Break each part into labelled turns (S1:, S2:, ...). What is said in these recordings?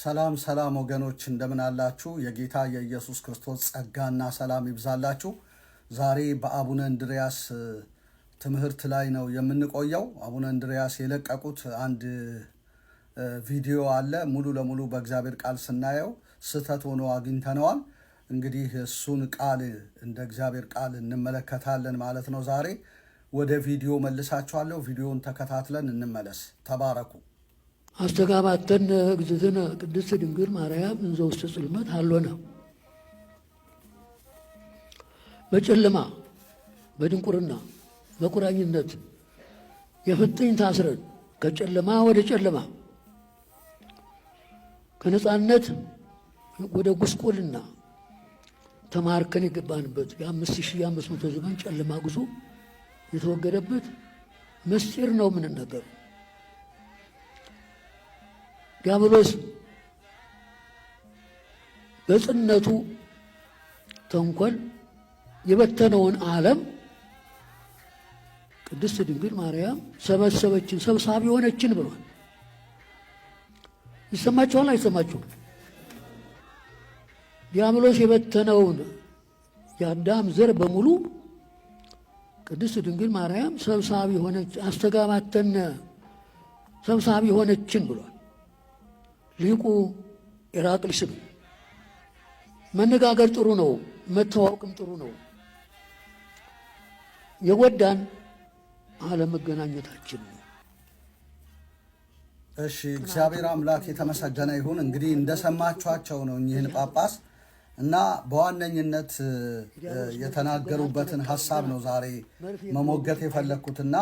S1: ሰላም ሰላም ወገኖች እንደምን አላችሁ? የጌታ የኢየሱስ ክርስቶስ ጸጋና ሰላም ይብዛላችሁ። ዛሬ በአቡነ እንድርያስ ትምህርት ላይ ነው የምንቆየው። አቡነ እንድርያስ የለቀቁት አንድ ቪዲዮ አለ። ሙሉ ለሙሉ በእግዚአብሔር ቃል ስናየው ስህተት ሆኖ አግኝተነዋል። እንግዲህ እሱን ቃል እንደ እግዚአብሔር ቃል እንመለከታለን ማለት ነው። ዛሬ ወደ ቪዲዮ መልሳችኋለሁ። ቪዲዮውን ተከታትለን እንመለስ። ተባረኩ።
S2: አስተጋባተን እግዝእትነ ቅድስት ድንግል ማርያም እንዘ ውስተ ጽልመት ሀሎነ በጨለማ በድንቁርና በቁራኝነት የፍጥኝ ታስረን ከጨለማ ወደ ጨለማ ከነፃነት ወደ ጉስቁልና ተማርከን የገባንበት የአምስት ሺህ የአምስት መቶ ዘመን ጨለማ ጉዞ የተወገደበት ምስጢር ነው የምንነገረው። ዲያብሎስ በጽነቱ ተንኮል የበተነውን ዓለም ቅድስት ድንግል ማርያም ሰበሰበችን፣ ሰብሳቢ ሆነችን ብሏል። ይሰማችኋል? አይሰማችሁም? ዲያብሎስ የበተነውን የአዳም ዘር በሙሉ ቅድስት ድንግል ማርያም ሰብሳቢ ሆነች፣ አስተጋባተነ ሰብሳቢ ሆነችን ብሏል። ሊቁ ኢራቅሊስም መነጋገር ጥሩ ነው፣ መተዋወቅም ጥሩ ነው። የጎዳን አለመገናኘታችን ነው።
S1: እሺ እግዚአብሔር አምላክ የተመሰገነ ይሁን። እንግዲህ እንደሰማችኋቸው ነው እኚህን ጳጳስ እና በዋነኝነት የተናገሩበትን ሀሳብ ነው ዛሬ መሞገት የፈለግኩትና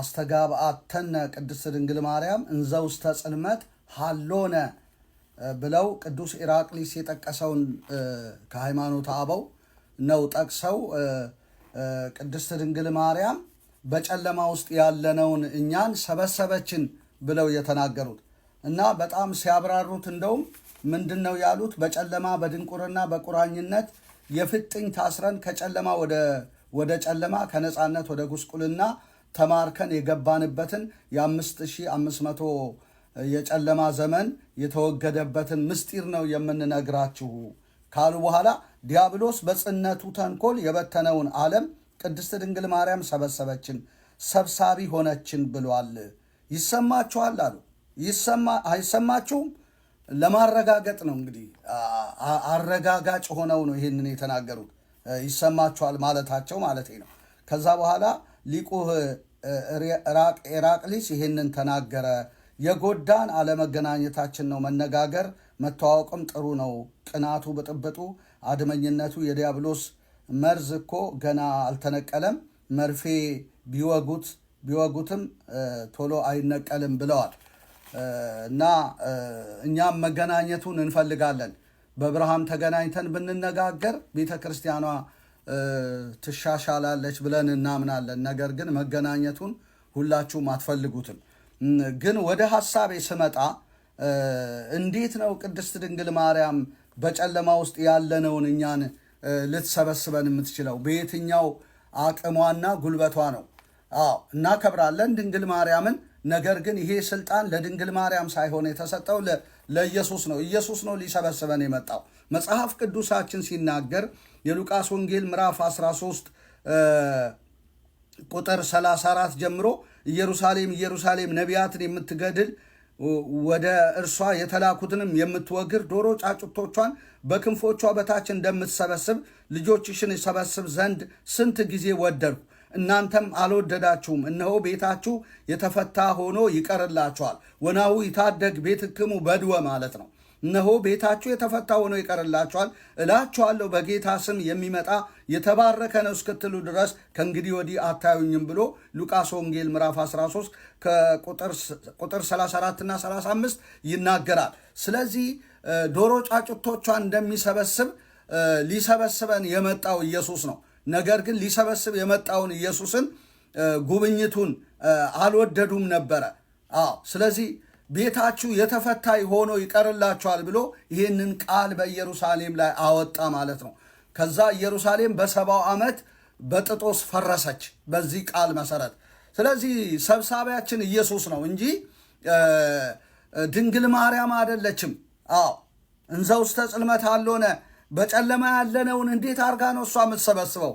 S1: አስተጋብአተነ ቅድስት ድንግል ማርያም እንዘ ውስተ ጽልመት ሃሎነ ብለው ቅዱስ ኢራቅሊስ የጠቀሰውን ከሃይማኖት አበው ነው ጠቅሰው ቅድስት ድንግል ማርያም በጨለማ ውስጥ ያለነውን እኛን ሰበሰበችን ብለው የተናገሩት እና በጣም ሲያብራሩት እንደውም ምንድን ነው ያሉት? በጨለማ በድንቁርና በቁራኝነት የፍጥኝ ታስረን ከጨለማ ወደ ጨለማ ከነፃነት ወደ ጉስቁልና ተማርከን የገባንበትን የ5500 የጨለማ ዘመን የተወገደበትን ምስጢር ነው የምንነግራችሁ ካሉ በኋላ ዲያብሎስ በጽነቱ ተንኮል የበተነውን ዓለም ቅድስት ድንግል ማርያም ሰበሰበችን፣ ሰብሳቢ ሆነችን ብሏል። ይሰማችኋል አሉ። አይሰማችሁም? ለማረጋገጥ ነው እንግዲህ አረጋጋጭ ሆነው ነው ይህንን የተናገሩት። ይሰማችኋል ማለታቸው ማለት ነው። ከዛ በኋላ ሊቁ ራቅሊስ ይህንን ተናገረ። የጎዳን አለመገናኘታችን ነው። መነጋገር መተዋወቅም ጥሩ ነው። ቅናቱ፣ ብጥብጡ፣ አድመኝነቱ የዲያብሎስ መርዝ እኮ ገና አልተነቀለም። መርፌ ቢወጉት ቢወጉትም ቶሎ አይነቀልም ብለዋል እና እኛም መገናኘቱን እንፈልጋለን። በብርሃም ተገናኝተን ብንነጋገር ቤተ ክርስቲያኗ ትሻሻላለች ብለን እናምናለን። ነገር ግን መገናኘቱን ሁላችሁም አትፈልጉትም። ግን ወደ ሀሳቤ ስመጣ እንዴት ነው ቅድስት ድንግል ማርያም በጨለማ ውስጥ ያለነውን እኛን ልትሰበስበን የምትችለው? በየትኛው አቅሟና ጉልበቷ ነው? አዎ እናከብራለን ድንግል ማርያምን። ነገር ግን ይሄ ስልጣን ለድንግል ማርያም ሳይሆን የተሰጠው ለኢየሱስ ነው። ኢየሱስ ነው ሊሰበስበን የመጣው። መጽሐፍ ቅዱሳችን ሲናገር የሉቃስ ወንጌል ምዕራፍ 13 ቁጥር 34 ጀምሮ ኢየሩሳሌም ኢየሩሳሌም ነቢያትን የምትገድል ወደ እርሷ የተላኩትንም የምትወግር ዶሮ ጫጩቶቿን በክንፎቿ በታች እንደምትሰበስብ ልጆችሽን ሰበስብ ዘንድ ስንት ጊዜ ወደድሁ፣ እናንተም አልወደዳችሁም። እነሆ ቤታችሁ የተፈታ ሆኖ ይቀርላችኋል። ወናሁ ይታደግ ቤትክሙ በድወ ማለት ነው። እነሆ ቤታችሁ የተፈታ ሆኖ ይቀርላችኋል። እላችኋለሁ በጌታ ስም የሚመጣ የተባረከ ነው እስክትሉ ድረስ ከእንግዲህ ወዲህ አታዩኝም ብሎ ሉቃስ ወንጌል ምዕራፍ 13 ከቁጥር 34 እና 35 ይናገራል። ስለዚህ ዶሮ ጫጭቶቿን እንደሚሰበስብ ሊሰበስበን የመጣው ኢየሱስ ነው። ነገር ግን ሊሰበስብ የመጣውን ኢየሱስን ጉብኝቱን አልወደዱም ነበረ። አዎ ስለዚህ ቤታችሁ የተፈታ ሆኖ ይቀርላችኋል ብሎ ይህንን ቃል በኢየሩሳሌም ላይ አወጣ ማለት ነው። ከዛ ኢየሩሳሌም በሰባው ዓመት በጥጦስ ፈረሰች በዚህ ቃል መሰረት። ስለዚህ ሰብሳቢያችን ኢየሱስ ነው እንጂ ድንግል ማርያም አይደለችም። አዎ እንዘ ውስተ ጽልመት አልሆነ በጨለማ ያለነውን እንዴት አርጋ ነው እሷ የምትሰበስበው?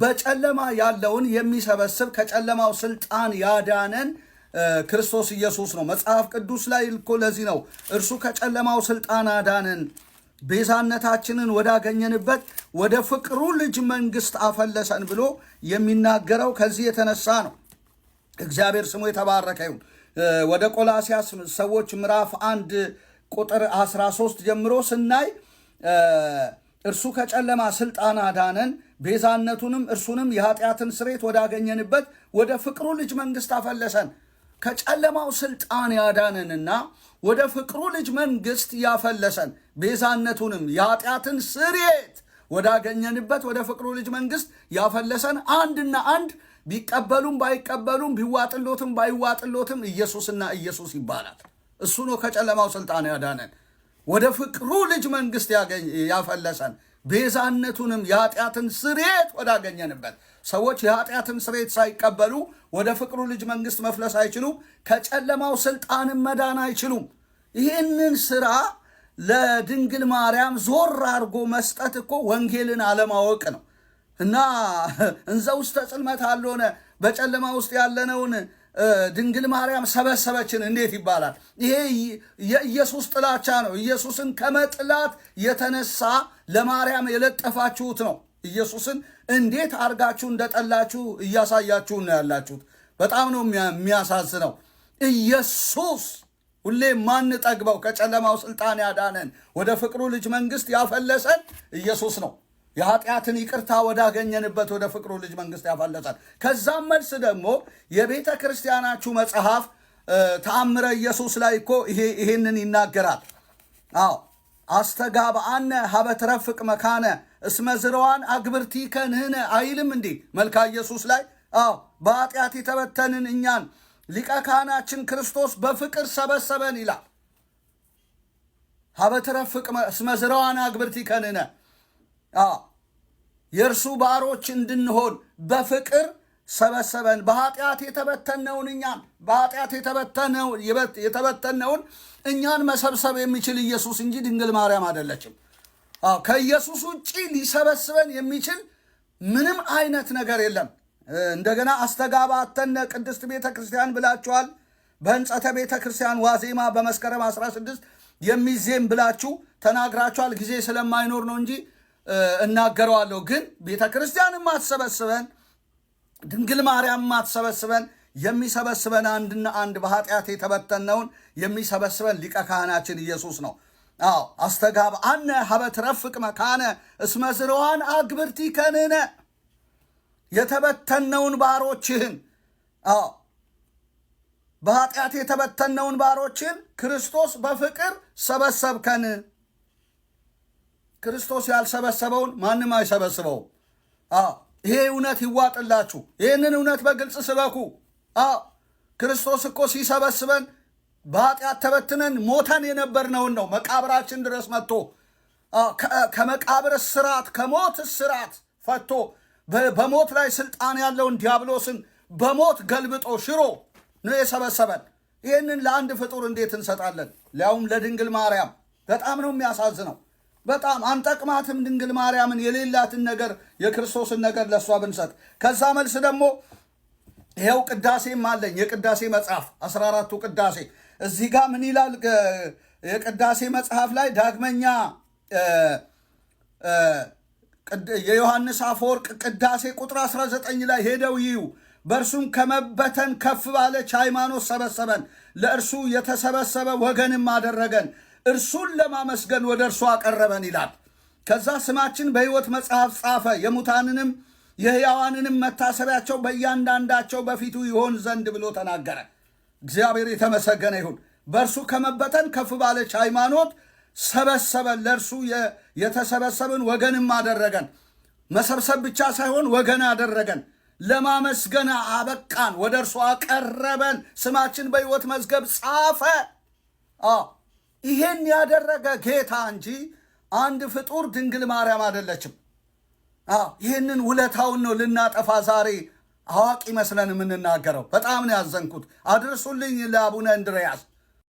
S1: በጨለማ ያለውን የሚሰበስብ ከጨለማው ስልጣን ያዳነን ክርስቶስ ኢየሱስ ነው። መጽሐፍ ቅዱስ ላይ እኮ ለዚህ ነው እርሱ ከጨለማው ስልጣን አዳነን ቤዛነታችንን ወዳገኘንበት ወደ ፍቅሩ ልጅ መንግስት አፈለሰን ብሎ የሚናገረው ከዚህ የተነሳ ነው። እግዚአብሔር ስሙ የተባረከ ይሁን። ወደ ቆላሲያስ ሰዎች ምዕራፍ አንድ ቁጥር 13 ጀምሮ ስናይ እርሱ ከጨለማ ስልጣን አዳነን ቤዛነቱንም እርሱንም የኃጢአትን ስሬት ወዳገኘንበት ወደ ፍቅሩ ልጅ መንግስት አፈለሰን ከጨለማው ስልጣን ያዳነንና ወደ ፍቅሩ ልጅ መንግስት ያፈለሰን ቤዛነቱንም የኃጢአትን ስርየት ወዳገኘንበት ወደ ፍቅሩ ልጅ መንግስት ያፈለሰን አንድና አንድ ቢቀበሉም ባይቀበሉም ቢዋጥሎትም ባይዋጥሎትም ኢየሱስና ኢየሱስ ይባላል። እሱ ነው ከጨለማው ስልጣን ያዳነን ወደ ፍቅሩ ልጅ መንግስት ያፈለሰን ቤዛነቱንም የኃጢአትን ስሬት ወዳገኘንበት ሰዎች የኃጢአትን ስሬት ሳይቀበሉ ወደ ፍቅሩ ልጅ መንግስት መፍለስ አይችሉም። ከጨለማው ስልጣንም መዳን አይችሉም። ይህንን ስራ ለድንግል ማርያም ዞር አድርጎ መስጠት እኮ ወንጌልን አለማወቅ ነው እና እንዘ ውስተ ጽልመት አልሆነ በጨለማ ውስጥ ያለነውን ድንግል ማርያም ሰበሰበችን እንዴት ይባላል? ይሄ የኢየሱስ ጥላቻ ነው። ኢየሱስን ከመጥላት የተነሳ ለማርያም የለጠፋችሁት ነው። ኢየሱስን እንዴት አድርጋችሁ እንደጠላችሁ እያሳያችሁ ነው ያላችሁት። በጣም ነው የሚያሳዝነው። ኢየሱስ ሁሌ ማንጠግበው ከጨለማው ስልጣን ያዳነን ወደ ፍቅሩ ልጅ መንግስት ያፈለሰን ኢየሱስ ነው። የኃጢአትን ይቅርታ ወዳገኘንበት ወደ ፍቅሩ ልጅ መንግስት ያፈለሰን። ከዛም መልስ ደግሞ የቤተ ክርስቲያናችሁ መጽሐፍ ተአምረ ኢየሱስ ላይ እኮ ይሄንን ይናገራል። አዎ አስተጋብአነ ሀበትረፍቅ መካነ እስመዝረዋን አግብርቲ ከንህነ አይልም እንዴ? መልካ ኢየሱስ ላይ አዎ በኃጢአት የተበተንን እኛን ሊቀ ካህናችን ክርስቶስ በፍቅር ሰበሰበን ይላል። ሀበትረፍቅ እስመዝረዋን አግብርቲ ከንህነ የእርሱ ባሮች እንድንሆን በፍቅር ሰበሰበን። በኃጢአት የተበተነውን እኛን በኃጢአት የተበተነውን እኛን መሰብሰብ የሚችል ኢየሱስ እንጂ ድንግል ማርያም አይደለችም። ከኢየሱስ ውጭ ሊሰበስበን የሚችል ምንም አይነት ነገር የለም። እንደገና አስተጋባተነ ቅድስት ቤተ ክርስቲያን ብላችኋል። በሕንጸተ ቤተ ክርስቲያን ዋዜማ በመስከረም 16 የሚዜም ብላችሁ ተናግራችኋል። ጊዜ ስለማይኖር ነው እንጂ እናገረዋለሁ። ግን ቤተ ክርስቲያን ማትሰበስበን፣ ድንግል ማርያም ማትሰበስበን የሚሰበስበን አንድና አንድ በኃጢአት የተበተነውን የሚሰበስበን ሊቀ ካህናችን ኢየሱስ ነው። አዎ አስተጋብ አነ ሀበት ረፍቅ መካነ እስመ ስርዋን አግብርቲ ከንነ የተበተነውን ባሮችህን አዎ በኃጢአት የተበተነውን ባሮችን ክርስቶስ በፍቅር ሰበሰብከን። ክርስቶስ ያልሰበሰበውን ማንም አይሰበስበውም። ይሄ እውነት ይዋጥላችሁ። ይህንን እውነት በግልጽ ስበኩ። ክርስቶስ እኮ ሲሰበስበን በኃጢአት ተበትነን ሞተን የነበርነውን ነው መቃብራችን ድረስ መጥቶ ከመቃብር እስራት ከሞት እስራት ፈቶ በሞት ላይ ስልጣን ያለውን ዲያብሎስን በሞት ገልብጦ ሽሮ ነው የሰበሰበን። ይህንን ለአንድ ፍጡር እንዴት እንሰጣለን? ሊያውም ለድንግል ማርያም። በጣም ነው የሚያሳዝነው። በጣም አንጠቅማትም ድንግል ማርያምን የሌላትን ነገር የክርስቶስን ነገር ለእሷ ብንሰጥ። ከዛ መልስ ደግሞ ይኸው ቅዳሴም አለኝ የቅዳሴ መጽሐፍ አስራ አራቱ ቅዳሴ እዚህ ጋር ምን ይላል? የቅዳሴ መጽሐፍ ላይ ዳግመኛ የዮሐንስ አፈወርቅ ቅዳሴ ቁጥር 19 ላይ ሄደው ይዩ። በእርሱም ከመበተን ከፍ ባለች ሃይማኖት ሰበሰበን፣ ለእርሱ የተሰበሰበ ወገንም አደረገን እርሱን ለማመስገን ወደ እርሱ አቀረበን ይላል። ከዛ ስማችን በሕይወት መጽሐፍ ጻፈ፣ የሙታንንም የሕያዋንንም መታሰቢያቸው በእያንዳንዳቸው በፊቱ ይሆን ዘንድ ብሎ ተናገረ። እግዚአብሔር የተመሰገነ ይሁን። በእርሱ ከመበተን ከፍ ባለች ሃይማኖት ሰበሰበን። ለእርሱ የተሰበሰብን ወገንም አደረገን። መሰብሰብ ብቻ ሳይሆን ወገን አደረገን። ለማመስገን አበቃን። ወደ እርሱ አቀረበን። ስማችን በሕይወት መዝገብ ጻፈ። ይሄን ያደረገ ጌታ እንጂ አንድ ፍጡር ድንግል ማርያም አይደለችም። ይህንን ውለታውን ነው ልናጠፋ ዛሬ አዋቂ መስለን የምንናገረው። በጣም ነው ያዘንኩት። አድርሱልኝ ለአቡነ እንድርያስ።